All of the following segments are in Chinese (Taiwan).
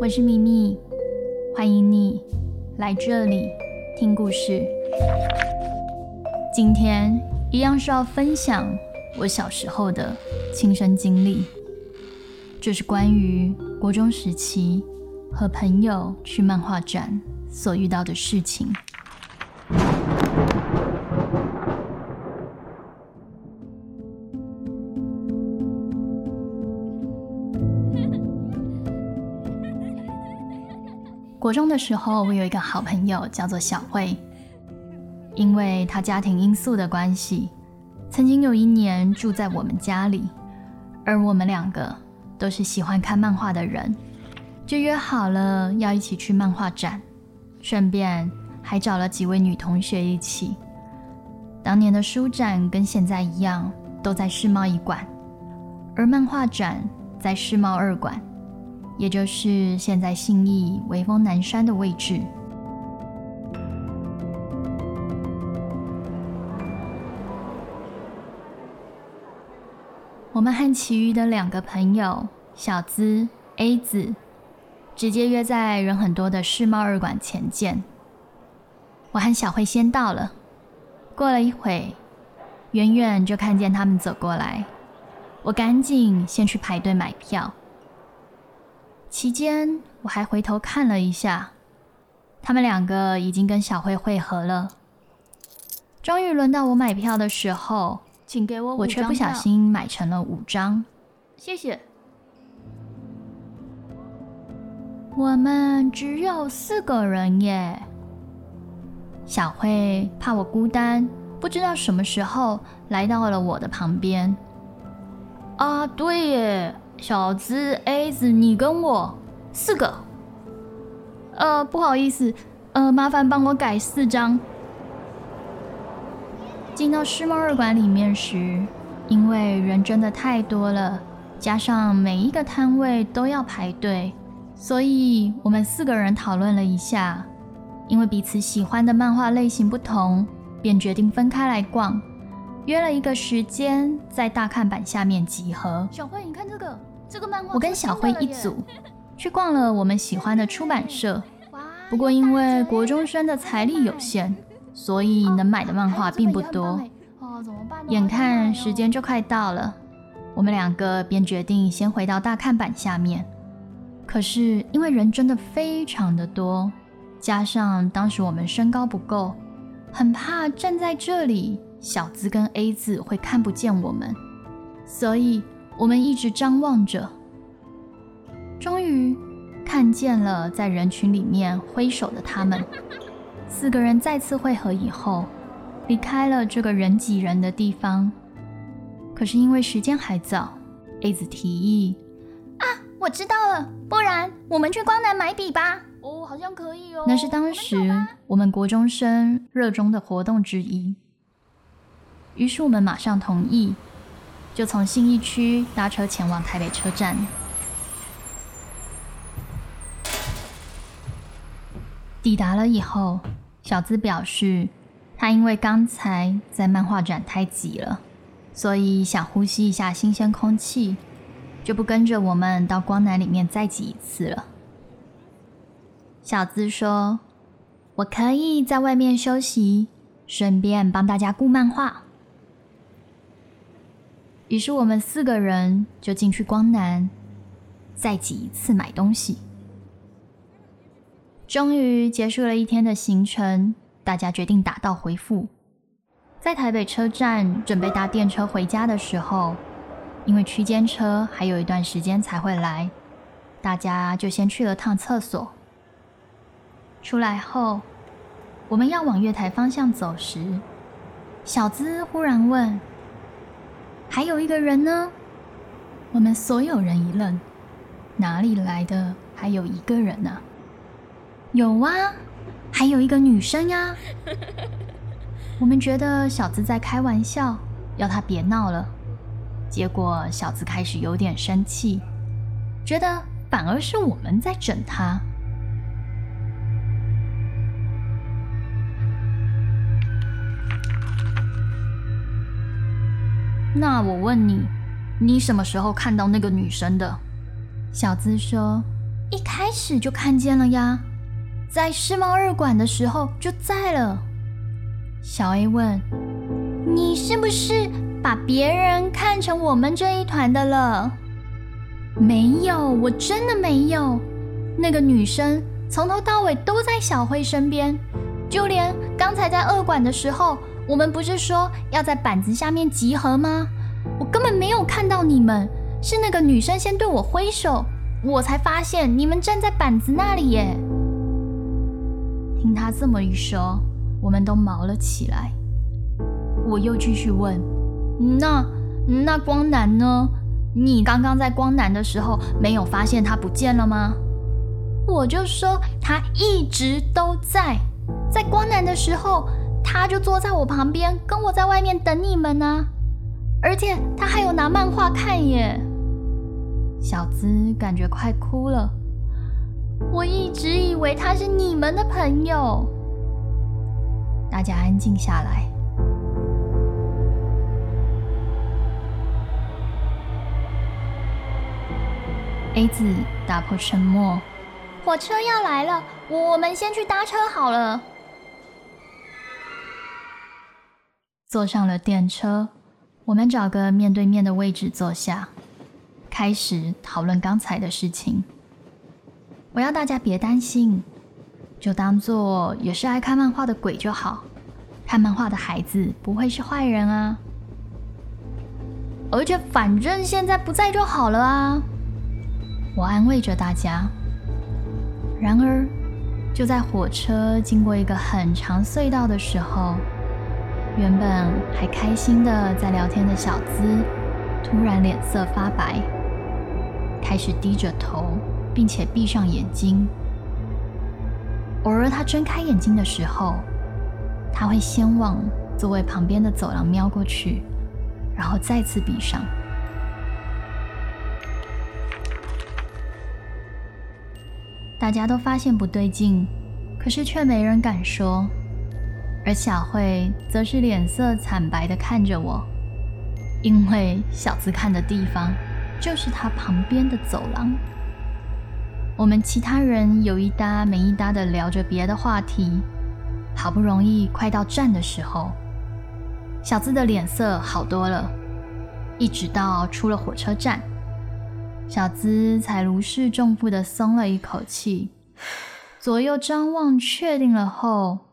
我是米米，歡迎你來這裡聽故事。今天一樣是要分享我小時候的親身經歷，這是關於國中時期和朋友去漫畫展所遇到的事情。國中的時候，我有一個好朋友叫做小慧，因為她家庭因素的關係，曾經有一年住在我們家裡。而我們兩個都是喜歡看漫畫的人，就約好了要一起去漫畫展，順便還找了幾位女同學一起。當年的書展跟現在一樣，都在世貿一館，而漫畫展在世貿二館。也就是現在信義微風南山的位置。我們和其餘的兩個朋友小資 A 子直接約在人很多的世貿二館前見。我和小慧先到了，過了一會，遠遠就看見他們走過來，我趕緊先去排隊買票。期間，我還回頭看了一下，他們兩個已經跟小慧會合了。終於輪到我買票的時候，請給我五張票。我卻不小心買成了五張，謝謝。我們只有四個人耶。小慧怕我孤單，不知道什麼時候來到了我的旁邊。啊，對耶。小子 A 子、你跟我四個，呃，不好意思，呃，麻煩幫我改四張。進到世貿二館裡面時，因為人真的太多了，加上每一個攤位都要排隊，所以我們四個人討論了一下，因為彼此喜歡的漫畫類型不同，便決定分開來逛，約了一個時間在大看板下面集合。小慧，你看這個。我跟小輝一組，去逛了我們喜歡的出版社。不過因為國中生的財力有限，所以能買的漫畫並不多。眼看時間就快到了，我們兩個便決定先回到大看板下面。可是因為人真的非常的多，加上當時我們身高不夠，很怕站在這裡，小字跟 A 字會看不見我們，所以。我們一直張望着，終於看見了在人群裡面揮手的他們。 四個人再次會合以後，離開了這個人擠人的地方。可是因為時間還早，A 子提議：“啊，我知道了，不然我們去光南買筆吧。”哦，好像可以哦。那是當時我們國中生熱衷的活動之一。於是我們馬上同意。就從信義區搭車前往台北車站。抵達了以後，小資表示，他因為剛才在漫畫展太擠了，所以想呼吸一下新鮮空氣，就不跟着我們到光南裡面再擠一次了。小資說：“我可以在外面休息，順便幫大家顧漫畫。”於是我們四個人就進去光南，再擠一次買東西。終於結束了一天的行程，大家決定打道回府。在台北車站準備搭電車回家的時候，因為區間車還有一段時間才會來，大家就先去了趟廁所。出來後，我們要往月台方向走時，小資忽然問：還有一個人呢？我們所有人一愣，哪裡來的還有一個人呢？有啊，還有一個女生呀。我們覺得小子在開玩笑，要他別鬧了。結果小子開始有點生氣，覺得反而是我們在整他。那我問你，你什麼時候看到那個女生的？小資說：“一開始就看見了呀，在世貿二館的時候就在了。”小 A 問：“你是不是把別人看成我們這一團的了？”“沒有，我真的沒有。那個女生從頭到尾都在小慧身邊，就連剛才在二館的時候，”我們不是說要在板子下面集合嗎？我根本沒有看到你們，是那個女生先對我揮手，我才發現你們站在板子那裡耶。聽她這麼一說，我們都毛了起來。我又繼續問：“那那光南呢？你剛剛在光南的時候沒有發現他不見了嗎？”我就說：“他一直都在，在光南的時候。”他就坐在我旁邊，跟我在外面等你們呢、啊。而且他還有拿漫畫看耶。小資感覺快哭了。我一直以為他是你們的朋友。大家安靜下來。A 子打破沉默。火車要來了，我們先去搭車好了。坐上了電車，我們找個面對面的位置坐下，開始討論剛才的事情。我要大家別擔心，就當做也是愛看漫畫的鬼就好，看漫畫的孩子不會是壞人啊。而且反正現在不在就好了啊。我安慰着大家。然而，就在火車經過一個很長隧道的時候。原本還開心的在聊天的小資，突然臉色發白，開始低着頭，並且閉上眼睛。偶爾他睜開眼睛的時候，他會先往座位旁邊的走廊瞄過去，然後再次閉上。大家都發現不對勁，可是卻沒人敢說。而小慧則是臉色慘白的看着我，因為小子看的地方就是他旁邊的走廊。我們其他人有一搭沒一搭的聊着別的話題，好不容易快到站的時候，小子的臉色好多了，一直到出了火車站，小資才如釋重負的鬆了一口氣，左右張望確定了後，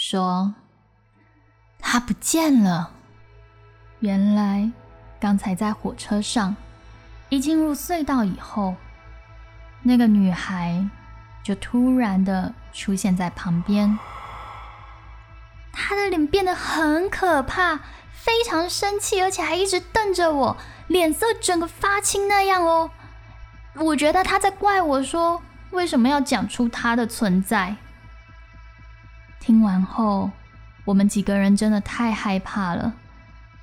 說：“他不見了。原來剛才在火車上，一進入隧道以後，那個女孩就突然的出現在旁邊。她的臉變得很可怕，非常生氣，而且還一直瞪着我，臉色整個發青那樣哦。我覺得她在怪我說，為什麼要講出她的存在。”聽完後，我們幾個人真的太害怕了，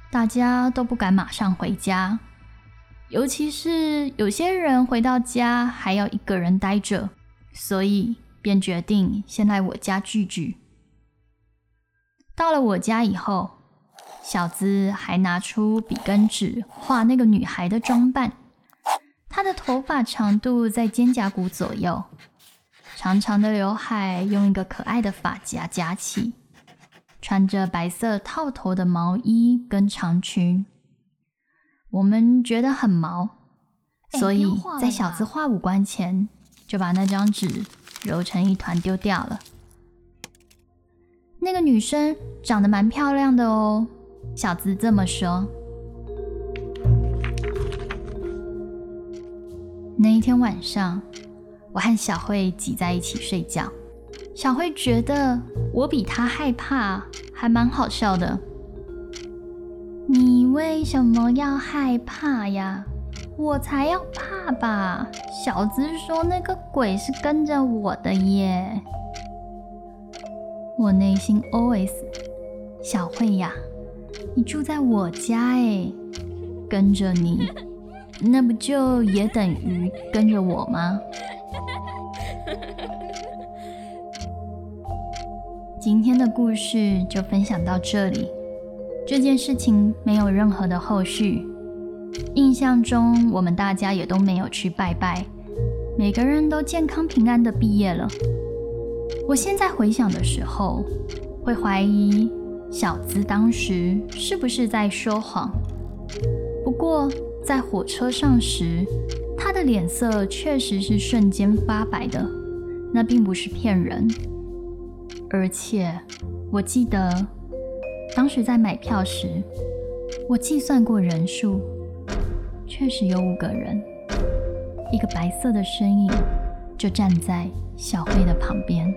大家都不敢馬上回家，尤其是有些人回到家還要一個人待着，所以便決定先來我家聚聚。到了我家以後，小子還拿出筆跟紙畫那個女孩的裝扮，她的頭髮長度在肩胛骨左右。長長的劉海用一個可愛的髮夾夾起，穿着白色套頭的毛衣跟長裙，我們覺得很毛，所以在小子畫五官前就把那張紙揉成一團丟掉了。那個女生長得蠻漂亮的哦，小子這麼說。那一天晚上。我和小慧擠在一起睡覺，小慧覺得我比她害怕，還蠻好笑的。你為什麼要害怕呀？我才要怕吧！小子說那個鬼是跟着我的耶。我內心 OS：小慧呀，你住在我家哎，跟着你，那不就也等於跟着我嗎？今天的故事就分享到這裡。這件事情沒有任何的後續，印象中我們大家也都沒有去拜拜，每個人都健康平安的畢業了。我現在回想的時候，會懷疑小資當時是不是在說謊。不過在火車上時，他的臉色確實是瞬間發白的，那並不是騙人。而且，我記得當時在買票時，我計算過人數，確實有五個人。一個白色的身影就站在小慧的旁邊。